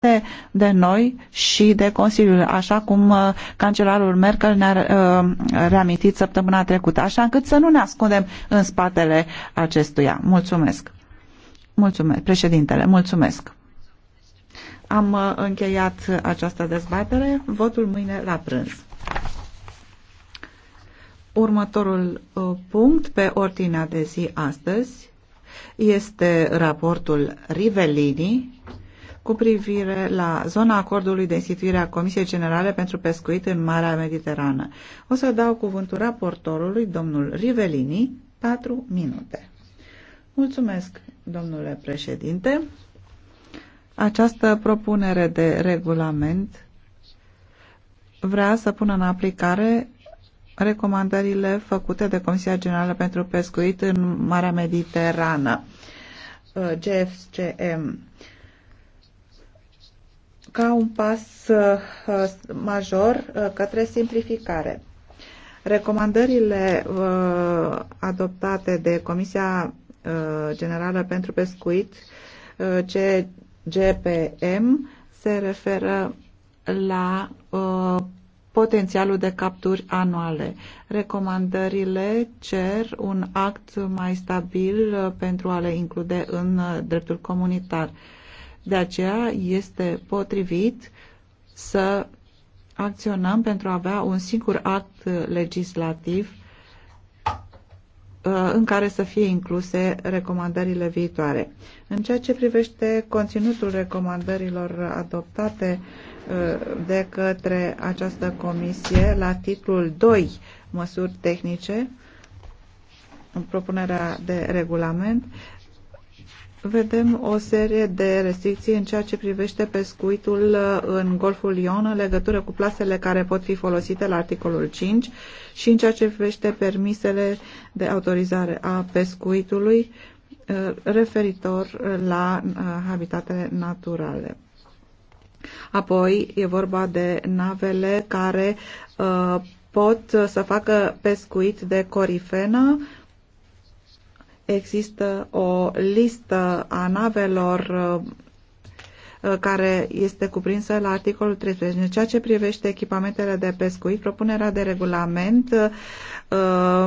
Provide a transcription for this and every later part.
de, de noi și de Consiliul, așa cum uh, cancelarul Merkel ne-a uh, reamintit săptămâna trecută, așa încât să nu ne ascundem în spatele acestuia. Mulțumesc. Mulțumesc, președintele, mulțumesc. Am uh, încheiat această dezbatere. Votul mâine la prânz. Următorul uh, punct pe ordinea de zi astăzi este raportul Rivellini cu privire la zona acordului de instituire a Comisiei Generale pentru Pescuit în Marea Mediterană. O să dau cuvântul raportorului, domnul Rivelini, patru minute. Mulțumesc, domnule președinte. Această propunere de regulament vrea să pună în aplicare recomandările făcute de Comisia Generală pentru Pescuit în Marea Mediterană, uh, GFCM ca un pas uh, major uh, către simplificare. Recomandările uh, adoptate de Comisia Generală pentru Pescuit, CGPM, se referă la potențialul de capturi anuale. Recomandările cer un act mai stabil pentru a le include în dreptul comunitar. De aceea este potrivit să acționăm pentru a avea un singur act legislativ uh, în care să fie incluse recomandările viitoare. În ceea ce privește conținutul recomandărilor adoptate uh, de către această comisie la titlul 2, măsuri tehnice, în propunerea de regulament, vedem o serie de restricții în ceea ce privește pescuitul uh, în Golful Ion în legătură cu plasele care pot fi folosite la articolul 5 și în ceea ce privește permisele de autorizare a pescuitului uh, referitor la uh, habitatele naturale. Apoi e vorba de navele care pot să facă pescuit de corifenă există o listă a navelor uh, uh, care este cuprinsă la articolul 13. În ceea ce privește echipamentele de pescuit, propunerea de regulament uh,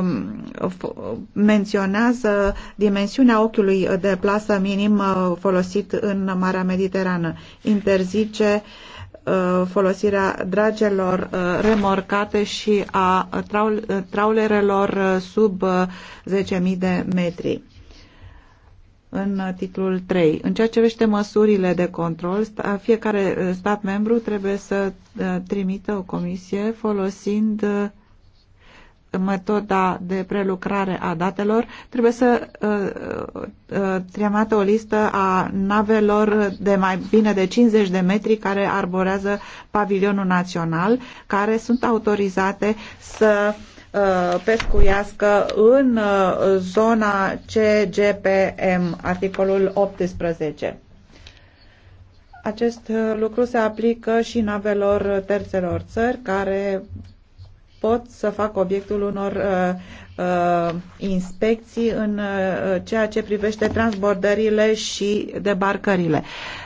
menționează dimensiunea ochiului de plasă minim folosit în Marea Mediterană. Interzice Uh, folosirea dragelor uh, remorcate și a uh, traulerelor sub 10.000 de metri în titlul 3. În ceea ce vește măsurile de control, fiecare stat membru trebuie să trimită o comisie folosind metoda de prelucrare a datelor, trebuie să uh, uh, uh o listă a navelor de mai bine de 50 de metri care arborează pavilionul național, care sunt autorizate să uh, pescuiască în uh, zona CGPM, articolul 18. Acest lucru se aplică și navelor terțelor țări care pot să fac obiectul unor uh, uh, inspecții în uh, ceea ce privește transbordările și debarcările.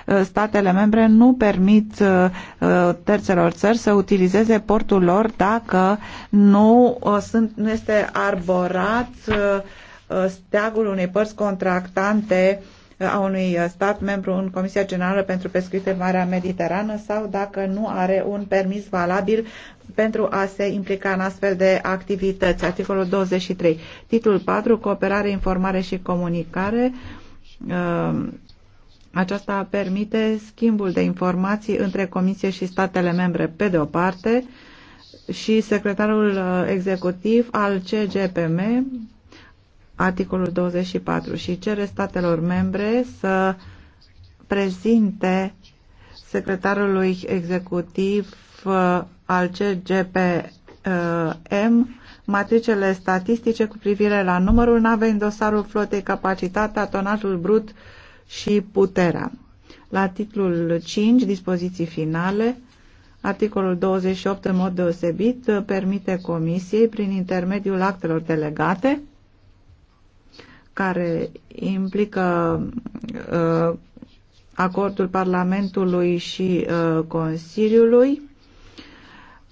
Uh, statele membre nu permit uh, uh terțelor țări să utilizeze portul lor dacă nu, uh, sunt, nu este arborat uh, uh steagul unei părți contractante uh, a unui uh, stat membru în Comisia Generală pentru Pescuit în Marea Mediterană sau dacă nu are un permis valabil pentru a se implica în astfel de activități. Articolul 23. Titlul 4. Cooperare, informare și comunicare. Uh, aceasta permite schimbul de informații între Comisie și statele membre pe de o parte și secretarul uh, executiv al CGPM articolul 24 și cere statelor membre să prezinte secretarului executiv uh, al CGPM uh, matricele statistice cu privire la numărul navei în dosarul flotei, capacitatea, tonajul brut și puterea. La titlul 5, dispoziții finale, articolul 28 în mod deosebit permite Comisiei, prin intermediul actelor delegate, care implică uh, acordul Parlamentului și uh, Consiliului,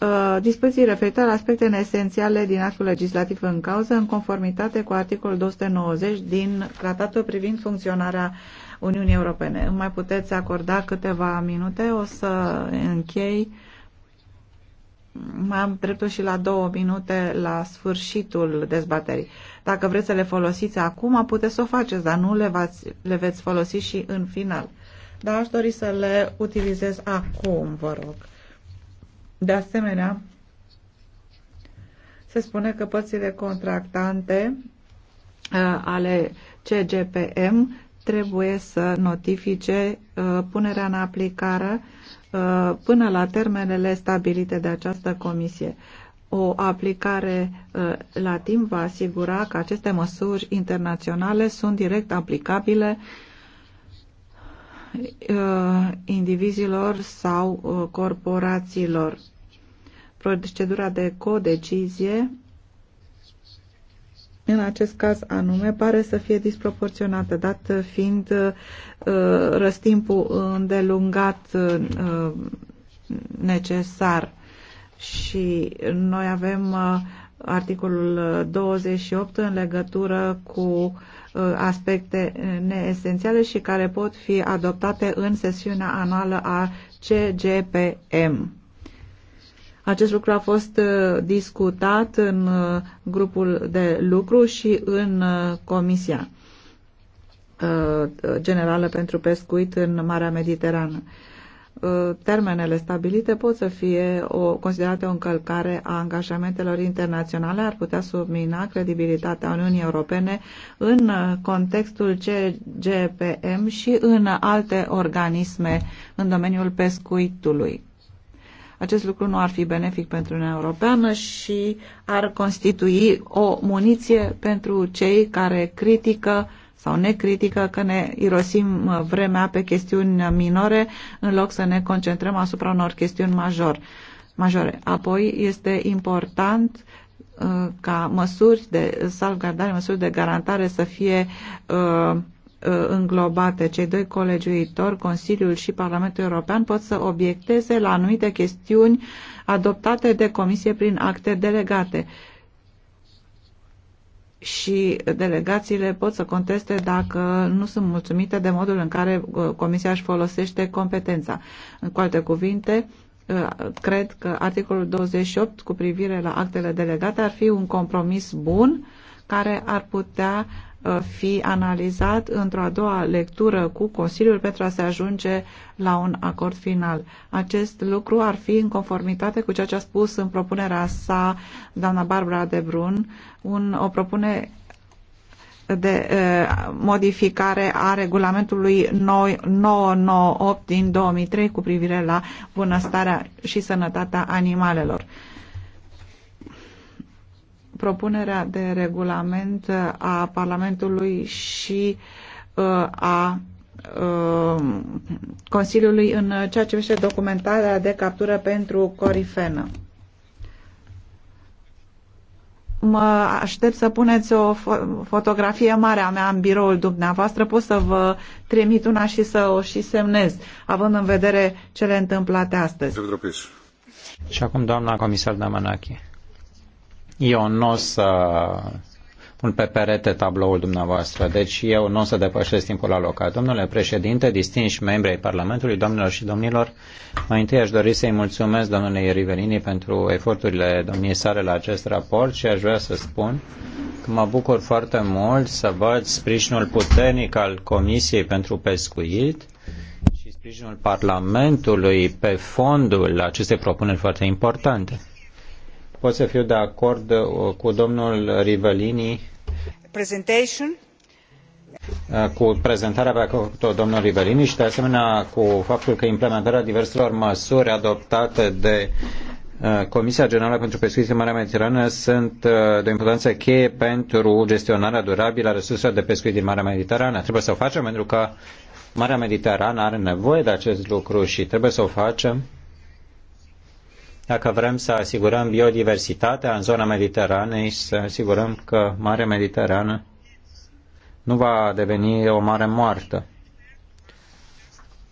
uh, dispoziții referitoare la aspectele esențiale din actul legislativ în cauză, în conformitate cu articolul 290 din Tratatul privind funcționarea Uniunii Europene. Îmi mai puteți acorda câteva minute, o să închei mai am dreptul și la două minute la sfârșitul dezbaterii. Dacă vreți să le folosiți acum, puteți să o faceți, dar nu le, vați, le veți folosi și în final. Dar aș dori să le utilizez acum, vă rog. De asemenea, se spune că părțile contractante uh, ale CGPM trebuie să notifice uh, punerea în aplicare Uh, până la termenele stabilite de această comisie. O aplicare uh, la timp va asigura că aceste măsuri internaționale sunt direct aplicabile uh, indivizilor sau corporațiilor. Procedura de codecizie în acest caz anume, pare să fie disproporționată, dat fiind uh, răstimpul îndelungat uh, necesar. Și noi avem uh, articolul 28 în legătură cu aspecte neesențiale și care pot fi adoptate în sesiunea anuală a CGPM. Acest lucru a fost uh, discutat în uh, grupul de lucru și în uh, Comisia Generală pentru Pescuit în Marea Mediterană. Termenele stabilite pot să fie o, considerate o încălcare a angajamentelor internaționale, ar putea submina credibilitatea Uniunii Europene în contextul CGPM și în alte organisme în domeniul pescuitului. Acest lucru nu ar fi benefic pentru Uniunea Europeană și ar constitui o muniție pentru cei care critică sau ne critică că ne irosim uh, vremea pe chestiuni minore în loc să ne concentrăm asupra unor chestiuni major, majore. Apoi este important uh, ca măsuri de salvgardare, măsuri de garantare să fie uh, Uh, înglobate cei doi colegiuitori, Consiliul și Parlamentul European, pot să obiecteze la anumite chestiuni adoptate de Comisie prin acte delegate și delegațiile pot să conteste dacă nu sunt mulțumite de modul în care uh, Comisia își folosește competența. Cu alte cuvinte, uh, cred că articolul 28 cu privire la actele delegate ar fi un compromis bun care ar putea fi analizat într-o a doua lectură cu Consiliul pentru a se ajunge la un acord final. Acest lucru ar fi în conformitate cu ceea ce a spus în propunerea sa doamna Barbara de Brun, un, o propunere de uh, modificare a regulamentului 998 din 2003 cu privire la bunăstarea și sănătatea animalelor propunerea de regulament a Parlamentului și uh, a uh, Consiliului în ceea ce privește documentarea de captură pentru corifenă. Mă aștept să puneți o fo- fotografie mare a mea în biroul dumneavoastră. Pot să vă trimit una și să o și semnez, având în vedere cele întâmplate astăzi. Și acum doamna comisar Damanache. Eu nu o să pun pe perete tabloul dumneavoastră, deci eu nu o să depășesc timpul alocat. Domnule președinte, distinși membri ai Parlamentului, domnilor și domnilor, mai întâi aș dori să-i mulțumesc domnului Rivelini pentru eforturile domniei sale la acest raport și aș vrea să spun că mă bucur foarte mult să văd sprijinul puternic al Comisiei pentru Pescuit și sprijinul Parlamentului pe fondul acestei propuneri foarte importante pot să fiu de acord uh, cu domnul Rivelini uh, cu prezentarea pe care a făcut-o domnul Rivelini și de asemenea cu faptul că implementarea diverselor măsuri adoptate de uh, Comisia Generală pentru Pescuit în Marea Mediterană sunt de importanță cheie pentru gestionarea durabilă a resurselor de pescuit din Marea Mediterană. Trebuie să o facem pentru că Marea Mediterană are nevoie de acest lucru și trebuie să o facem dacă vrem să asigurăm biodiversitatea în zona Mediteranei și să asigurăm că Marea Mediterană nu va deveni o mare moartă.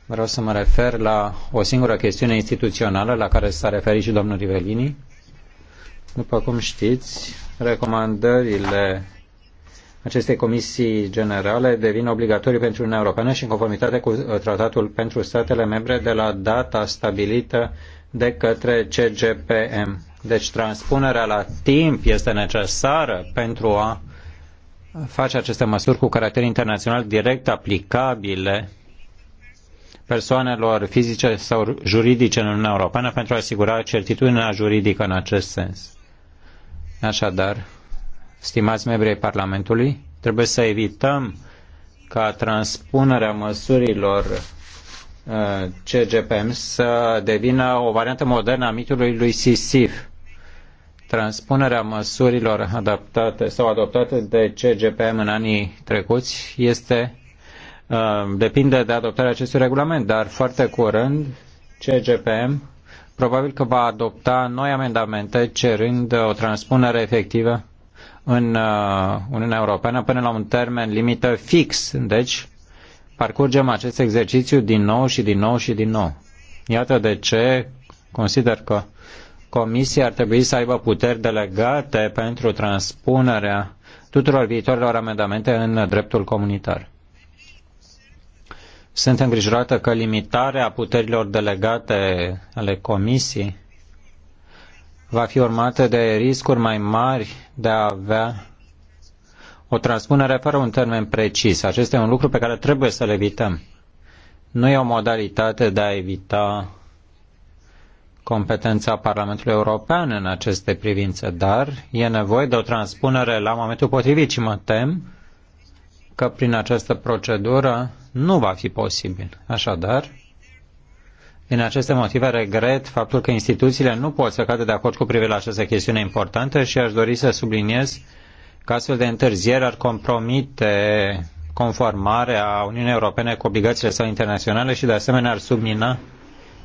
Vreau să mă refer la o singură chestiune instituțională la care s-a referit și domnul Rivelini. După cum știți, recomandările acestei comisii generale devin obligatorii pentru Uniunea Europeană și în conformitate cu uh, tratatul pentru statele membre de la data stabilită de către CGPM. Deci transpunerea la timp este necesară pentru a face aceste măsuri cu caracter internațional direct aplicabile persoanelor fizice sau juridice în Uniunea Europeană pentru a asigura certitudinea juridică în acest sens. Așadar, stimați membrii Parlamentului, trebuie să evităm ca transpunerea măsurilor CGPM să devină o variantă modernă a mitului lui Sisif. Transpunerea măsurilor adaptate sau adoptate de CGPM în anii trecuți este uh, depinde de adoptarea acestui regulament, dar foarte curând CGPM probabil că va adopta noi amendamente cerând o transpunere efectivă în uh, Uniunea Europeană până la un termen limită fix. Deci, parcurgem acest exercițiu din nou și din nou și din nou. Iată de ce consider că Comisia ar trebui să aibă puteri delegate pentru transpunerea tuturor viitorilor amendamente în dreptul comunitar. Sunt îngrijorată că limitarea puterilor delegate ale Comisiei va fi urmată de riscuri mai mari de a avea o transpunere fără un termen precis. Acesta e un lucru pe care trebuie să-l evităm. Nu e o modalitate de a evita competența Parlamentului European în aceste privințe, dar e nevoie de o transpunere la momentul potrivit și mă tem că prin această procedură nu va fi posibil. Așadar, din aceste motive regret faptul că instituțiile nu pot să cadă de acord cu privire la această chestiune importantă și aș dori să subliniez că astfel de întârzieri ar compromite conformarea Uniunii Europene cu obligațiile sale internaționale și de asemenea ar submina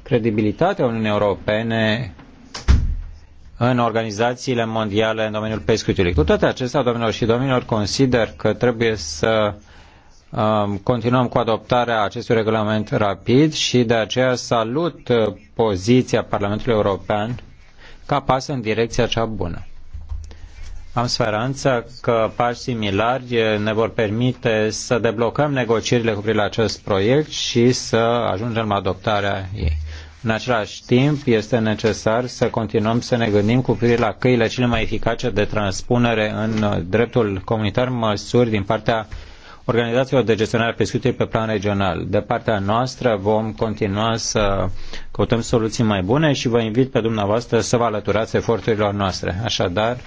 credibilitatea Uniunii Europene în organizațiile mondiale în domeniul pescuitului. Cu toate acestea, domnilor și domnilor, consider că trebuie să um, continuăm cu adoptarea acestui regulament rapid și de aceea salut poziția Parlamentului European ca pas în direcția cea bună. Am speranța că pași similari ne vor permite să deblocăm negocierile cu privire la acest proiect și să ajungem la adoptarea ei. În același timp, este necesar să continuăm să ne gândim cu privire la căile cele mai eficace de transpunere în dreptul comunitar măsuri din partea organizațiilor de gestionare a pescuitului pe plan regional. De partea noastră vom continua să căutăm soluții mai bune și vă invit pe dumneavoastră să vă alăturați eforturilor noastre. Așadar,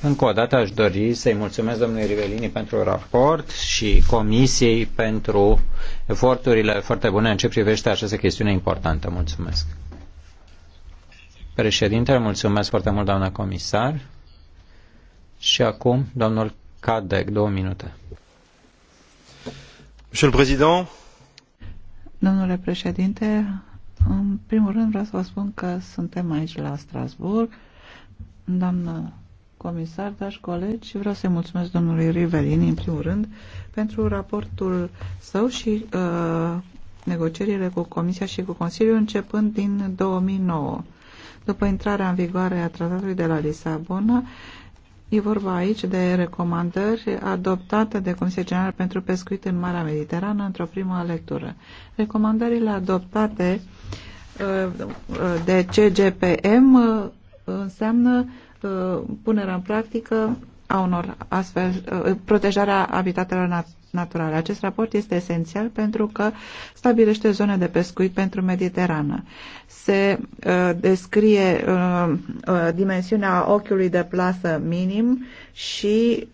încă o dată aș dori să-i mulțumesc domnului Rivelini pentru raport și comisiei pentru eforturile foarte bune în ce privește această chestiune importantă. Mulțumesc. Președinte, mulțumesc foarte mult, doamna comisar. Și acum, domnul Cadec, două minute. Domnule președinte, în primul rând vreau să vă spun că suntem aici la Strasburg. Doamna comisar, dragi colegi, vreau să-i mulțumesc domnului Rivelin, în primul rând, pentru raportul său și uh, negocierile cu Comisia și cu Consiliul începând din 2009. După intrarea în vigoare a tratatului de la Lisabona, e vorba aici de recomandări adoptate de Comisia Generală pentru Pescuit în Marea Mediterană într-o primă lectură. Recomandările adoptate uh, uh de CGPM uh, înseamnă Uh, punerea în practică a unor astfel, uh, protejarea habitatelor naturale. Acest raport este esențial pentru că stabilește zone de pescuit pentru Mediterană. Se uh, descrie uh, uh, dimensiunea ochiului de plasă minim și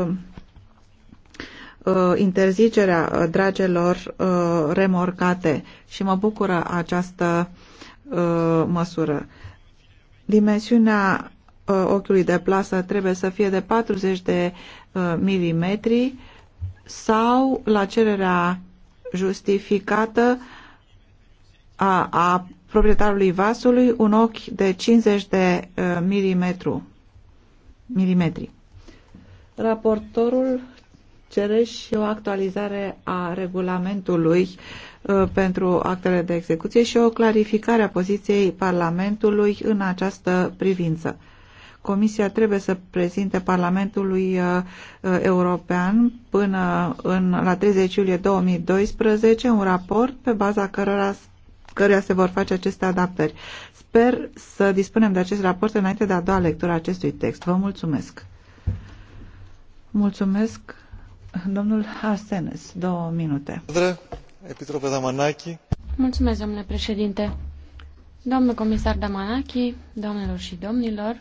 uh, uh interzicerea dragelor uh, remorcate și mă bucură această uh, măsură. Dimensiunea Uh, ochiului de plasă trebuie să fie de 40 de uh, milimetri sau la cererea justificată a, a proprietarului vasului un ochi de 50 de uh, milimetru, milimetri. Raportorul cere și o actualizare a regulamentului pentru actele de execuție și o clarificare a poziției Parlamentului în această privință. Comisia trebuie să prezinte Parlamentului uh, uh, European până în, la 30 iulie 2012 un raport pe baza cărora, căruia se vor face aceste adaptări. Sper să dispunem de acest raport înainte de a doua lectură a acestui text. Vă mulțumesc! Mulțumesc, domnul Asenes. Două minute. Mulțumesc, domnule președinte. Domnul comisar Damanachi, doamnelor și domnilor,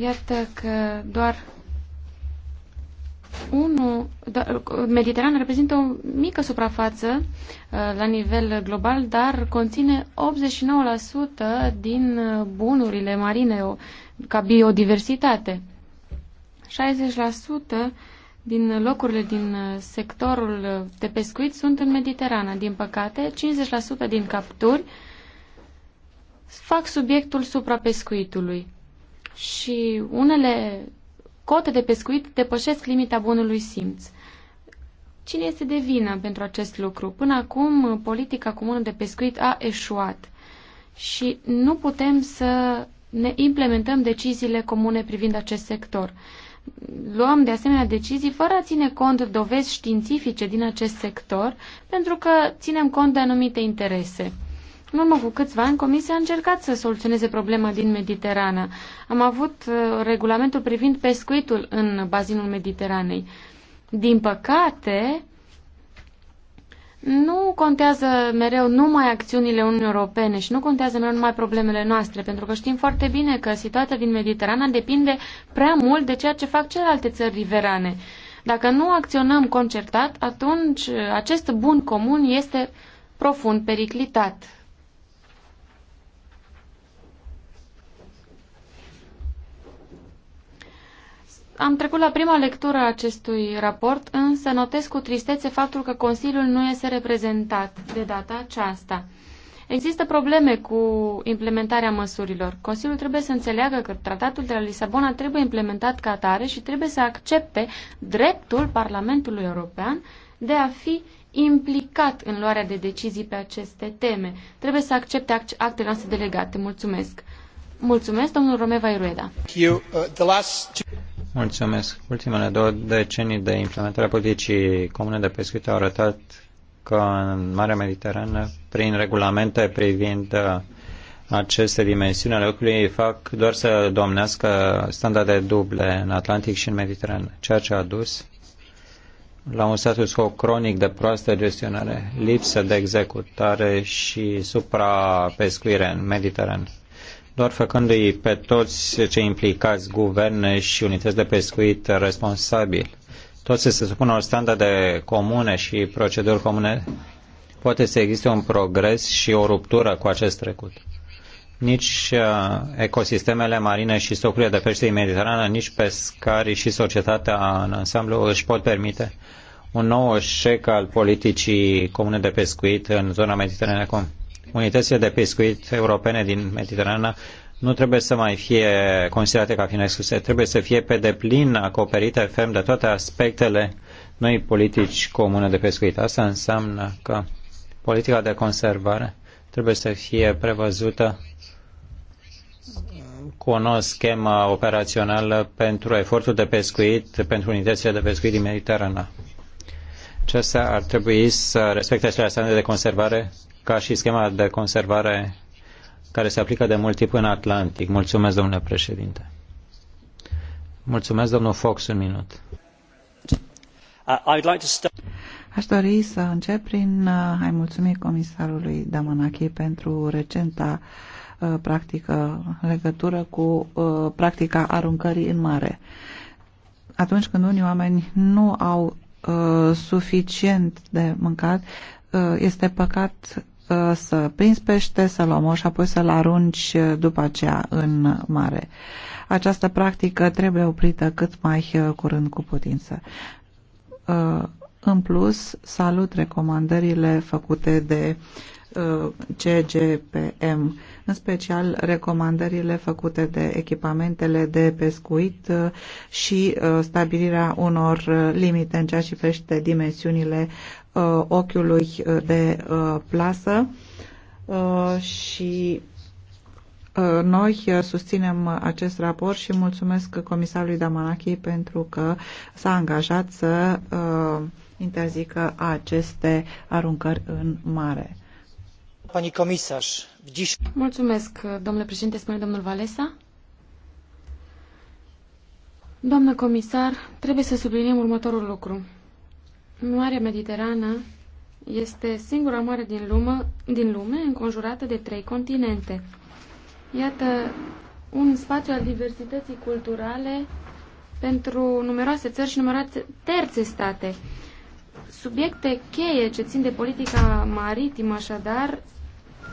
Iată că doar unul. Da, Mediterana reprezintă o mică suprafață uh, la nivel global, dar conține 89% din uh, bunurile marine ca biodiversitate. 60% din locurile din uh, sectorul de pescuit sunt în Mediterana. Din păcate, 50% din capturi fac subiectul suprapescuitului și unele cote de pescuit depășesc limita bunului simț. Cine este de vină pentru acest lucru? Până acum, politica comună de pescuit a eșuat și nu putem să ne implementăm deciziile comune privind acest sector. Luăm de asemenea decizii fără a ține cont dovezi științifice din acest sector, pentru că ținem cont de anumite interese. În urmă cu câțiva ani, Comisia a încercat să soluționeze problema din Mediterană. Am avut uh, regulamentul privind pescuitul în bazinul Mediteranei. Din păcate, nu contează mereu numai acțiunile Uniunii Europene și nu contează mereu numai problemele noastre, pentru că știm foarte bine că situația din Mediterana depinde prea mult de ceea ce fac celelalte țări riverane. Dacă nu acționăm concertat, atunci uh, acest bun comun este profund periclitat. Am trecut la prima lectură a acestui raport, însă notez cu tristețe faptul că Consiliul nu este reprezentat de data aceasta. Există probleme cu implementarea măsurilor. Consiliul trebuie să înțeleagă că tratatul de la Lisabona trebuie implementat ca atare și trebuie să accepte dreptul Parlamentului European de a fi implicat în luarea de decizii pe aceste teme. Trebuie să accepte actele noastre delegate. Mulțumesc. Mulțumesc, domnul Romeva Irueda. Uh, Mulțumesc. Ultimele două decenii de implementare a politicii comune de pescuit au arătat că în Marea Mediterană, prin regulamente privind uh, aceste dimensiuni ale ochiului, fac doar să domnească standarde duble în Atlantic și în Mediterană, ceea ce a dus la un status quo cronic de proastă gestionare, lipsă de executare și suprapescuire în Mediterană. Doar făcându-i pe toți cei implicați, guverne și unități de pescuit responsabili, toți să se supună o standarde comune și proceduri comune, poate să existe un progres și o ruptură cu acest trecut. Nici uh, ecosistemele marine și stocurile de pește din Mediterană, nici pescarii și societatea în ansamblu își pot permite un nou șec al politicii comune de pescuit în zona mediteraneană acum unitățile de pescuit europene din Mediterană nu trebuie să mai fie considerate ca fiind excluse, trebuie să fie pe deplin acoperite ferm de toate aspectele noi politici comune de pescuit. Asta înseamnă că politica de conservare trebuie să fie prevăzută cu o nouă schemă operațională pentru efortul de pescuit, pentru unitățile de pescuit din Mediterana. Acestea ar trebui să respecte acele standarde de conservare ca și schema de conservare care se aplică de mult timp în Atlantic. Mulțumesc, domnule președinte. Mulțumesc, domnul Fox, un minut. Aș dori să încep prin uh, a-i mulțumi comisarului Damanaki pentru recenta uh, practică legătură cu uh, practica aruncării în mare. Atunci când unii oameni nu au suficient de mâncat, este păcat să prinzi pește, să-l și apoi să-l arunci uh, după aceea în mare. Această practică trebuie oprită cât mai uh, curând cu putință. Uh, în plus, salut recomandările făcute de CGPM, în special recomandările făcute de echipamentele de pescuit și stabilirea unor limite în ceea ce privește dimensiunile uh, ochiului uh, de uh, plasă uh, și uh, noi uh, susținem acest raport și mulțumesc comisarului Damanachi pentru că s-a angajat să interzică aceste aruncări în mare. Pani comisar, Mulțumesc, domnule președinte, spune domnul Valesa. Doamnă comisar, trebuie să subliniem următorul lucru. Marea Mediterană este singura mare din lume, din lume înconjurată de trei continente. Iată un spațiu al diversității culturale pentru numeroase țări și numeroase terțe state. Subiecte cheie ce țin de politica maritimă, așadar,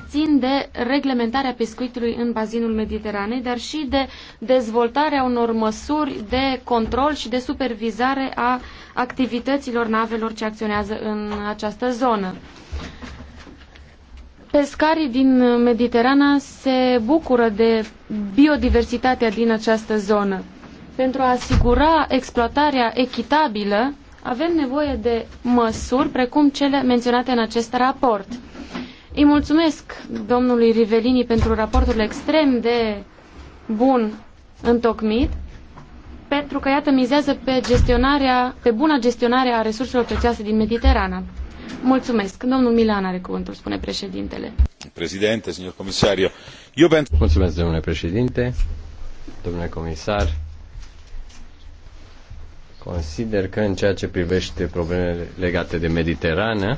țin de reglementarea pescuitului în bazinul Mediteranei, dar și de dezvoltarea unor măsuri de control și de supervizare a activităților navelor ce acționează în această zonă. Pescarii din Mediterana se bucură de biodiversitatea din această zonă. Pentru a asigura exploatarea echitabilă, avem nevoie de măsuri precum cele menționate în acest raport. Îi mulțumesc domnului Rivelini pentru raportul extrem de bun întocmit pentru că, iată, mizează pe, gestionarea, pe buna gestionare a resurselor prețioase din Mediterana. Mulțumesc. Domnul Milan are cuvântul, spune președintele. Președinte, signor comisario, eu pentru... Mulțumesc, domnule președinte, domnule comisar. Consider că în ceea ce privește problemele legate de Mediterană,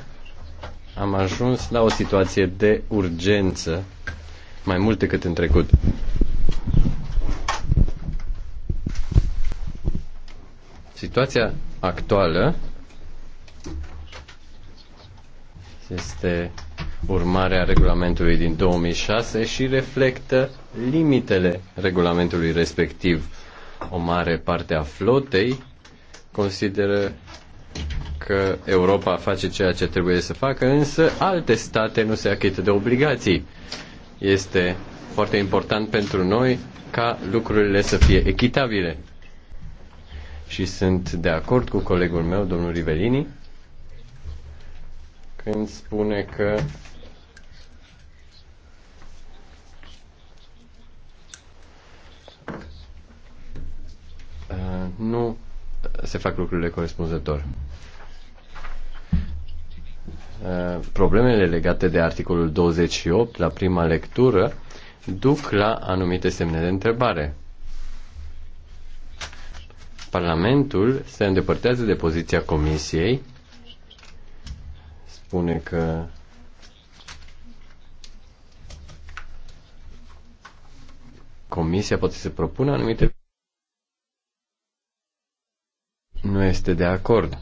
am ajuns la o situație de urgență mai mult decât în trecut. situația actuală este urmarea regulamentului din 2006 și reflectă limitele regulamentului respectiv. O mare parte a flotei consideră că Europa face ceea ce trebuie să facă, însă alte state nu se achită de obligații. Este foarte important pentru noi ca lucrurile să fie echitabile și sunt de acord cu colegul meu, domnul Rivelini, când spune că uh, nu se fac lucrurile corespunzător. Uh, problemele legate de articolul 28 la prima lectură duc la anumite semne de întrebare. Parlamentul se îndepărtează de poziția Comisiei, spune că Comisia poate să propună anumite. Nu este de acord.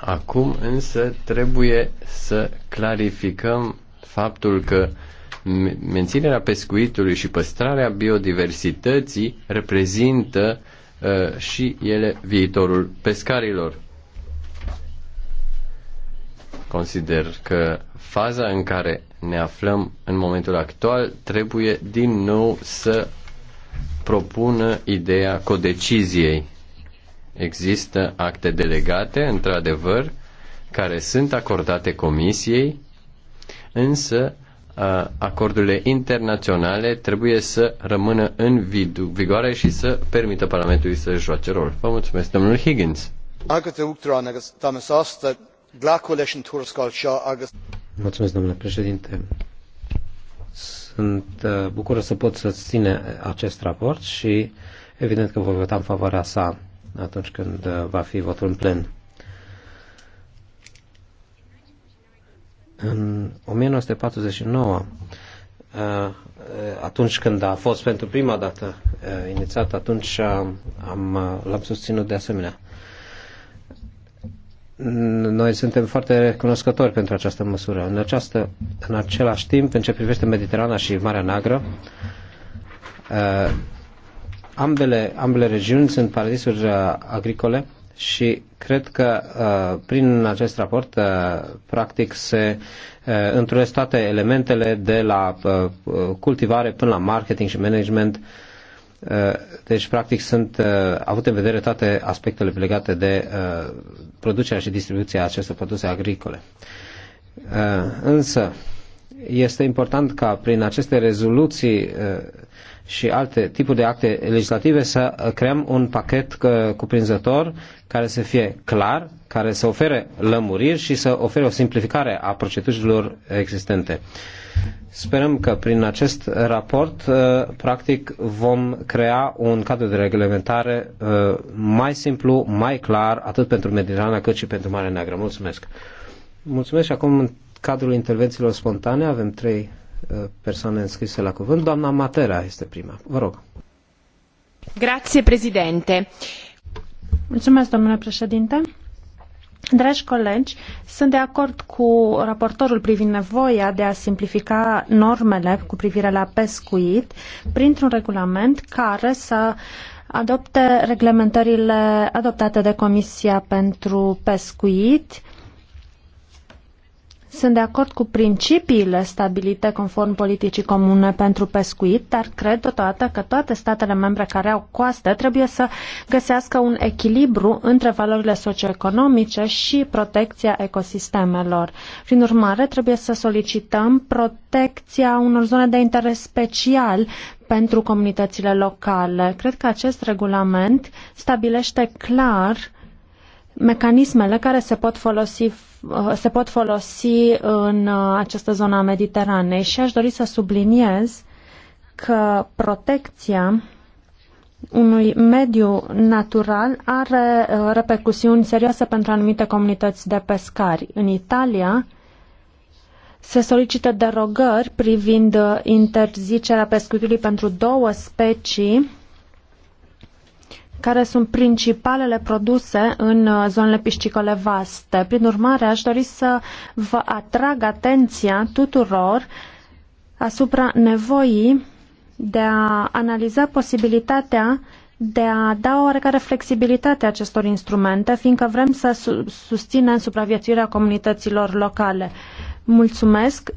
Acum însă trebuie să clarificăm faptul că menținerea pescuitului și păstrarea biodiversității reprezintă Uh, și ele viitorul pescarilor. Consider că faza în care ne aflăm în momentul actual trebuie din nou să propună ideea codeciziei. Există acte delegate, într-adevăr, care sunt acordate comisiei, însă acordurile internaționale trebuie să rămână în vigoare și să permită Parlamentului să joace rol. Vă mulțumesc, domnul Higgins. Mulțumesc, domnule președinte. Sunt uh, bucură să pot să ține acest raport și evident că voi vota în favoarea sa atunci când uh, va fi votul în plen. În 1949, uh, atunci când a fost pentru prima dată uh, inițiat, atunci am, uh, l-am susținut de asemenea. Noi suntem foarte recunoscători pentru această măsură. În, această, în același timp, în ce privește Mediterana și Marea Neagră, ambele, ambele regiuni sunt paradisuri agricole și cred că uh, prin acest raport uh, practic se uh, întrunesc toate elementele de la uh, uh cultivare până la marketing și management. Uh, deci, practic, sunt uh, avute în vedere toate aspectele legate de uh, producerea și distribuția acestor produse agricole. Uh, însă, este important ca prin aceste rezoluții uh, și alte tipuri de acte legislative să creăm un pachet uh, cuprinzător care să fie clar, care să ofere lămuriri și să ofere o simplificare a procedurilor existente. Sperăm că prin acest raport, uh, practic, vom crea un cadru de reglementare uh, mai simplu, mai clar, atât pentru Mediterana cât și pentru Marea Neagră. Mulțumesc! Mulțumesc și acum în cadrul intervențiilor spontane avem trei persoane înscrise la cuvânt. Doamna Matera este prima. Vă rog. Grație, președinte. Mulțumesc, domnule președinte. Dragi colegi, sunt de acord cu raportorul privind nevoia de a simplifica normele cu privire la pescuit printr-un regulament care să adopte reglementările adoptate de Comisia pentru Pescuit uh, sunt de acord cu principiile stabilite conform politicii comune pentru pescuit, dar cred totodată că toate statele membre care au coastă trebuie să găsească un echilibru între valorile socioeconomice și protecția ecosistemelor. Prin urmare, trebuie să solicităm protecția unor zone de interes special pentru comunitățile locale. Cred că acest regulament stabilește clar mecanismele care se pot folosi uh, se pot folosi în uh, această zonă a Mediteranei și aș dori să subliniez că protecția unui mediu natural are uh, repercusiuni serioase pentru anumite comunități de pescari. În Italia se solicită derogări privind interzicerea pescuitului pentru două specii care sunt principalele produse în uh, zonele piscicole vaste. Prin urmare, aș dori să vă atrag atenția tuturor asupra nevoii de a analiza posibilitatea de a da o oarecare flexibilitate acestor instrumente, fiindcă vrem să susținem supraviețuirea comunităților locale. Mulțumesc,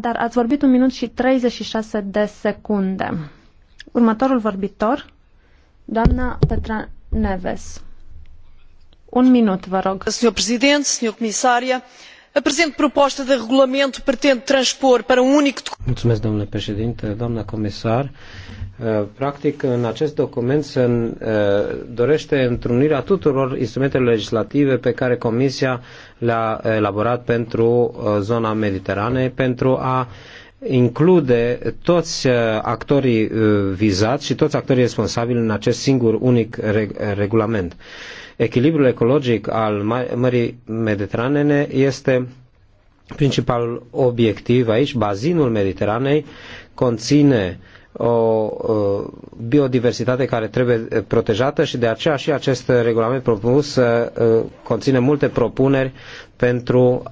dar ați vorbit un minut și 36 de secunde. Următorul vorbitor. Doamna Petra Neves. Un minut, vă rog. Senhor Presidente, Senhor Comissária, a presente proposta de regulamento pretende transpor para un um único Mulțumesc, domnule președinte, doamna comisar. Uh, practic, în acest document se uh, dorește întrunirea tuturor instrumentelor legislative pe care Comisia le-a elaborat pentru uh, zona Mediteranei pentru a include toți uh, actorii uh, vizați și toți actorii responsabili în acest singur unic regulament. Echilibrul ecologic al Mării Mediteranene este principalul obiectiv aici. Bazinul Mediteranei conține o biodiversitate care trebuie protejată și de aceea și acest regulament propus uh, conține multe propuneri pentru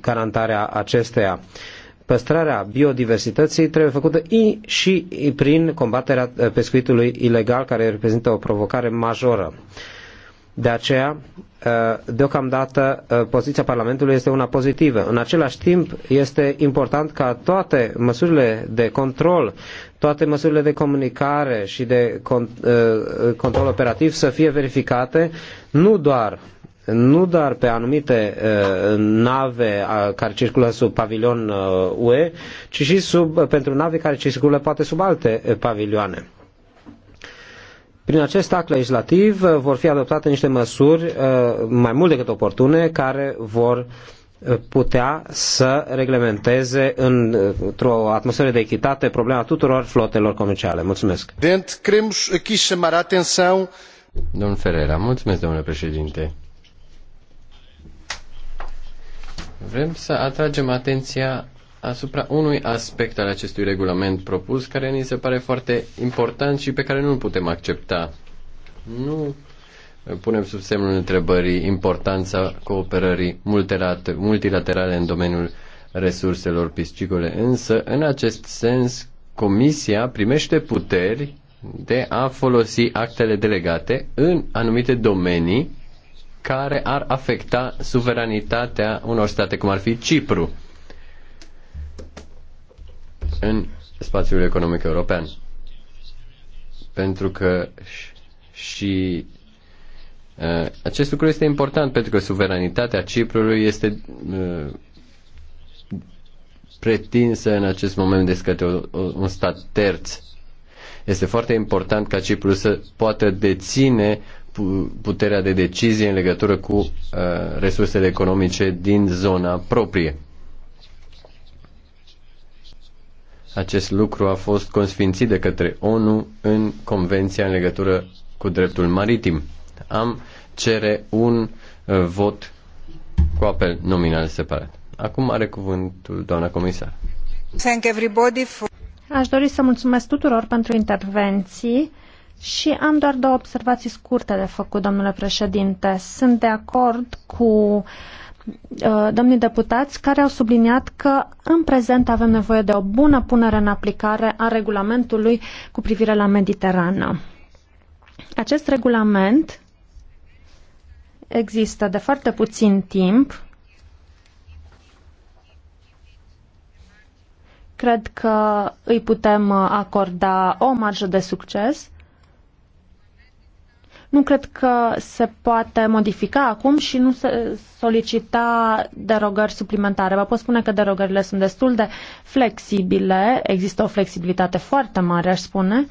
garantarea acesteia păstrarea biodiversității trebuie făcută și prin combaterea uh, pescuitului ilegal, care reprezintă o provocare majoră. De aceea, uh, deocamdată, uh, poziția Parlamentului este una pozitivă. În același timp, este important ca toate măsurile de control, toate măsurile de comunicare și de control operativ să fie verificate nu doar nu doar pe anumite uh, nave uh, care circulă sub pavilion uh, UE, ci și sub, pentru nave care circulă poate sub alte pavilioane. Prin acest act legislativ vor fi adoptate niște măsuri mai mult decât oportune care vor putea să reglementeze într-o atmosferă de echitate problema tuturor flotelor comerciale. Mulțumesc. Domnul Ferreira, mulțumesc, domnule președinte. Vrem să atragem atenția asupra unui aspect al acestui regulament propus care ni se pare foarte important și pe care nu îl putem accepta. Nu uh, punem sub semnul întrebării importanța cooperării multilaterale în domeniul resurselor piscicole, însă în acest sens Comisia primește puteri de a folosi actele delegate în anumite domenii care ar afecta suveranitatea unor state cum ar fi Cipru în spațiul economic european. Pentru că și uh, acest lucru este important pentru că suveranitatea Ciprului este uh, pretinsă în acest moment de către un stat terț. Este foarte important ca Cipru să poată deține puterea de decizie în legătură cu uh, resursele economice din zona proprie. Acest lucru a fost consfințit de către ONU în Convenția în legătură cu dreptul maritim. Am cere un uh, vot cu apel nominal separat. Acum are cuvântul doamna comisar. Thank everybody for... Aș dori să mulțumesc tuturor pentru intervenții. Și am doar două observații scurte de făcut, domnule președinte. Sunt de acord cu uh, domnii deputați care au subliniat că în prezent avem nevoie de o bună punere în aplicare a regulamentului cu privire la Mediterană. Acest regulament există de foarte puțin timp. Cred că îi putem acorda o marjă de succes nu cred că se poate modifica acum și nu se solicita derogări suplimentare. Vă pot spune că derogările sunt destul de flexibile, există o flexibilitate foarte mare, aș spune.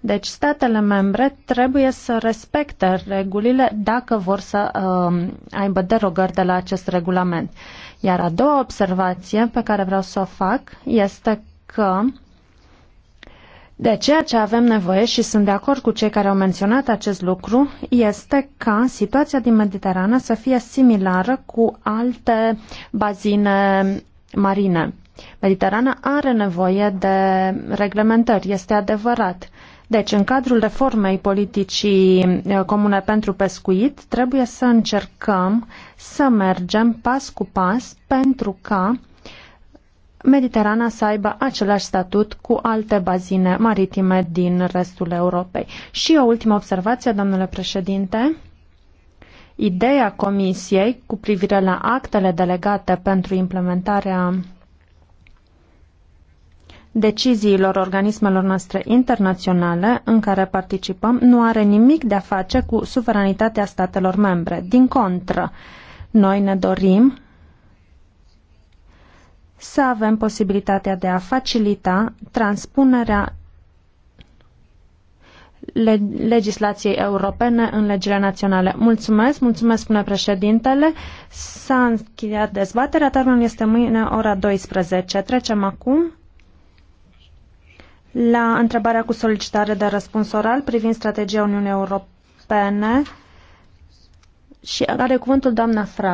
Deci statele membre trebuie să respecte regulile dacă vor să uh, aibă derogări de la acest regulament. Iar a doua observație pe care vreau să o fac este că de ceea ce avem nevoie și sunt de acord cu cei care au menționat acest lucru este ca situația din Mediterană să fie similară cu alte bazine marine. Mediterana are nevoie de reglementări, este adevărat. Deci, în cadrul reformei politicii eh, comune pentru pescuit, trebuie să încercăm să mergem pas cu pas pentru ca Mediterana să aibă același statut cu alte bazine maritime din restul Europei. Și o ultimă observație, domnule președinte. Ideea Comisiei cu privire la actele delegate pentru implementarea deciziilor organismelor noastre internaționale în care participăm nu are nimic de a face cu suveranitatea statelor membre. Din contră, noi ne dorim să avem posibilitatea de a facilita transpunerea legislației europene în legile naționale. Mulțumesc, mulțumesc, spune președintele. S-a încheiat dezbaterea, termenul este mâine ora 12. Trecem acum la întrebarea cu solicitare de răspuns oral privind strategia Uniunii Europene și are cuvântul doamna Fra.